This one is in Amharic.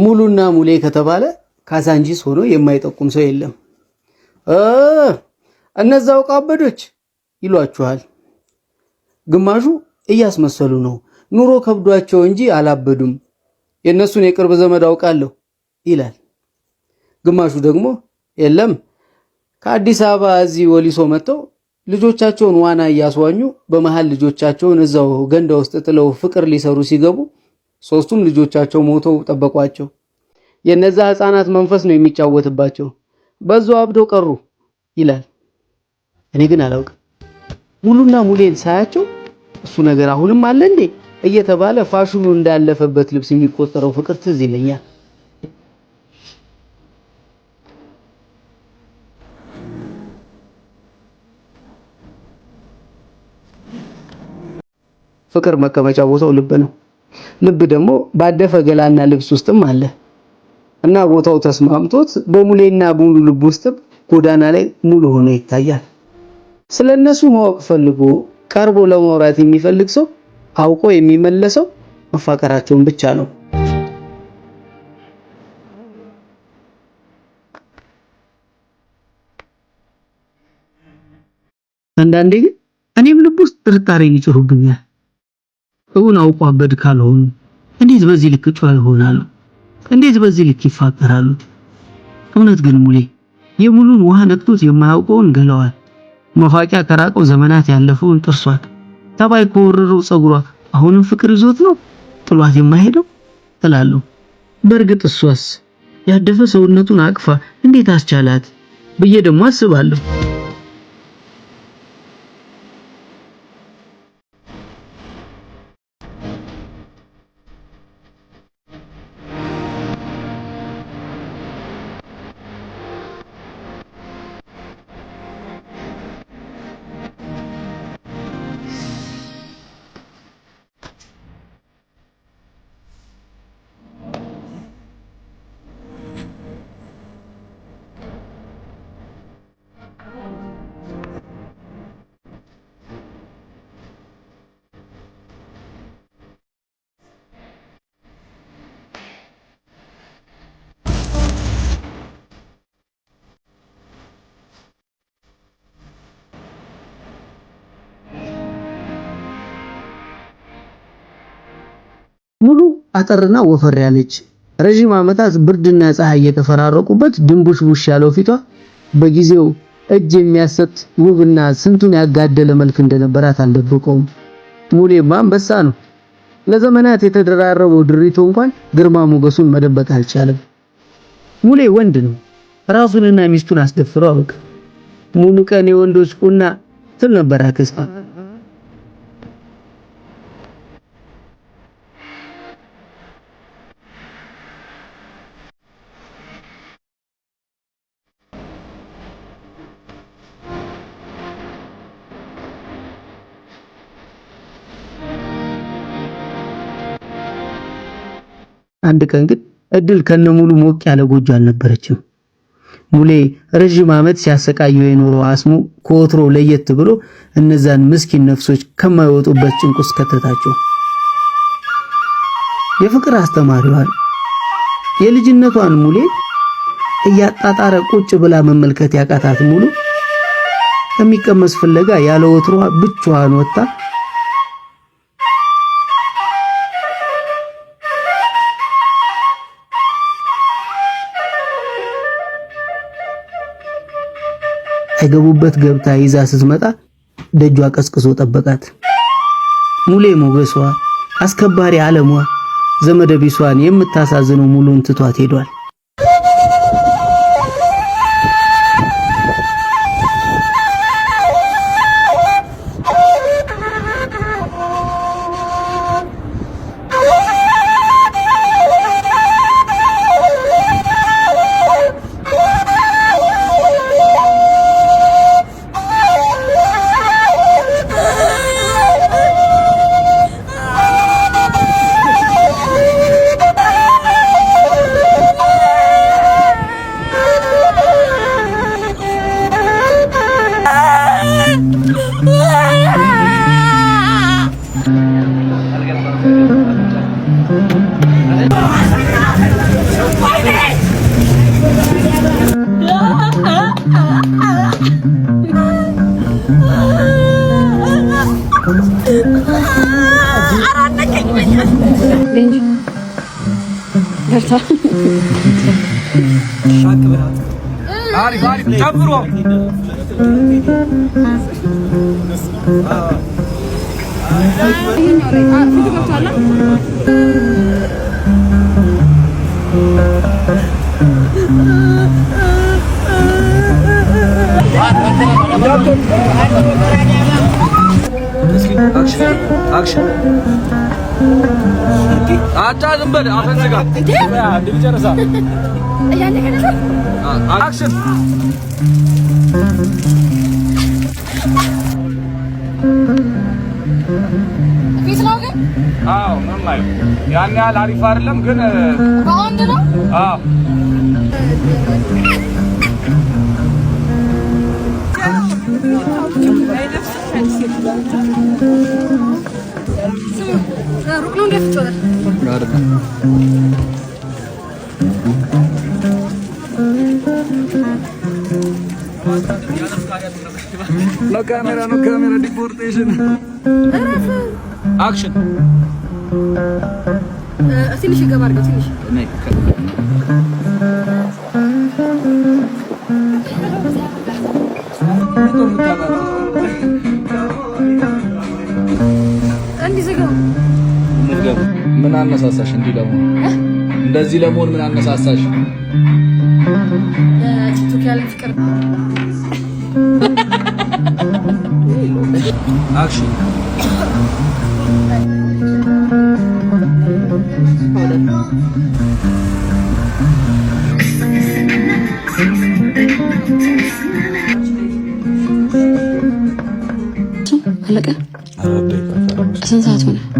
ሙሉና ሙሌ ከተባለ ካዛንጂስ ሆኖ የማይጠቁም ሰው የለም። እነዛው ቃበዶች ይሏችኋል። ግማሹ እያስመሰሉ ነው፣ ኑሮ ከብዷቸው እንጂ አላበዱም፣ የእነሱን የቅርብ ዘመድ አውቃለሁ ይላል። ግማሹ ደግሞ የለም ከአዲስ አበባ እዚህ ወሊሶ መጥተው ልጆቻቸውን ዋና እያስዋኙ በመሃል ልጆቻቸውን እዛው ገንዳ ውስጥ ጥለው ፍቅር ሊሰሩ ሲገቡ ሶስቱም ልጆቻቸው ሞተው ጠበቋቸው። የነዛ ህፃናት መንፈስ ነው የሚጫወትባቸው። በዛው አብደው ቀሩ ይላል። እኔ ግን አላውቅም። ሙሉና ሙሌን ሳያቸው እሱ ነገር አሁንም አለ እንዴ እየተባለ ፋሽኑ እንዳለፈበት ልብስ የሚቆጠረው ፍቅር ትዝ ይለኛል። ፍቅር መቀመጫ ቦታው ልብ ነው። ልብ ደግሞ ባደፈ ገላና ልብስ ውስጥም አለ እና ቦታው ተስማምቶት በሙሌና ሙሉ ልብ ውስጥም ጎዳና ላይ ሙሉ ሆኖ ይታያል። ስለ እነሱ ማወቅ ፈልጎ ቀርቦ ለማውራት የሚፈልግ ሰው አውቆ የሚመለሰው መፋቀራቸውን ብቻ ነው። አንዳንዴ ግን እኔም ልብ ውስጥ ጥርጣሬ ይጭሩብኛል። እውን አውቋ በድ ካልሆኑ እንዴት በዚህ ልክ ጨዋ ይሆናሉ? እንዴት በዚህ ልክ ይፋቀራሉ? እውነት ግን ሙሌ የሙሉን ውሃ ነክቶት የማያውቀውን ገለዋል፣ መፋቂያ ከራቀው ዘመናት ያለፈውን ጥርሷል፣ ተባይ ከወረረው ፀጉሯ አሁንም ፍቅር ይዞት ነው ጥሏት የማይሄደው ትላለሁ። በእርግጥ እሷስ ያደፈ ሰውነቱን አቅፋ እንዴት አስቻላት ብዬ ደግሞ አስባለሁ። ሙሉ አጠርና ወፈር ያለች ረዥም ዓመታት ብርድና ፀሐይ እየተፈራረቁበት ቡሽ ያለው ፊቷ በጊዜው እጅ የሚያሰጥ ውብና ስንቱን ያጋደለ መልክ እንደነበራት አልደበቀውም። ሙሌማ አንበሳ ነው። ለዘመናት የተደራረበው ድሪቶ እንኳን ግርማ ሞገሱን መደበቅ አልቻለም። ሙሌ ወንድ ነው። ራሱንና ሚስቱን አስደፍሮ አውቅ ሙሉ ቀን የወንዶች ቁና ትል ነበር አክስቷ። አንድ ቀን ግን እድል ከነሙሉ ሞቅ ያለ ጎጆ አልነበረችም። ሙሌ ረዥም ዓመት ሲያሰቃየው የኖረው አስሙ ከወትሮ ለየት ብሎ እነዛን ምስኪን ነፍሶች ከማይወጡበት ጭንቅ ውስጥ ከተታቸው። የፍቅር አስተማሪዋን የልጅነቷን ሙሌ እያጣጣረ ቁጭ ብላ መመልከት ያቃታት ሙሉ የሚቀመስ ፍለጋ ያለ ወትሮ ብቻዋን ወጣ ከገቡበት ገብታ ይዛ ስትመጣ ደጇ ቀስቅሶ ጠበቃት። ሙሌ ሞገሷ፣ አስከባሪ ዓለሟ፣ ዘመደ ቢሷን የምታሳዝነው ሙሉን ትቷት ሄዷል። አክሽን አክሽን አጫ ዝም በል አፈንዝጋ አክሽን አዎ ምንም አይ ያን ያህል አሪፍ አይደለም ግን በወንድ ነው አዎ ሩቅ ነው ካሜራ ነው ካሜራ ዲፖርቴሽን አክሽን ትንሽ ገባ አድርገው ትንሽ ነው ምን አነሳሳሽ እንዲህ ለመሆን እንደዚህ ለመሆን ምን አነሳሳሽ? ቲክቶክ ያለኝ ፍቅር አለቀ። 生产出来。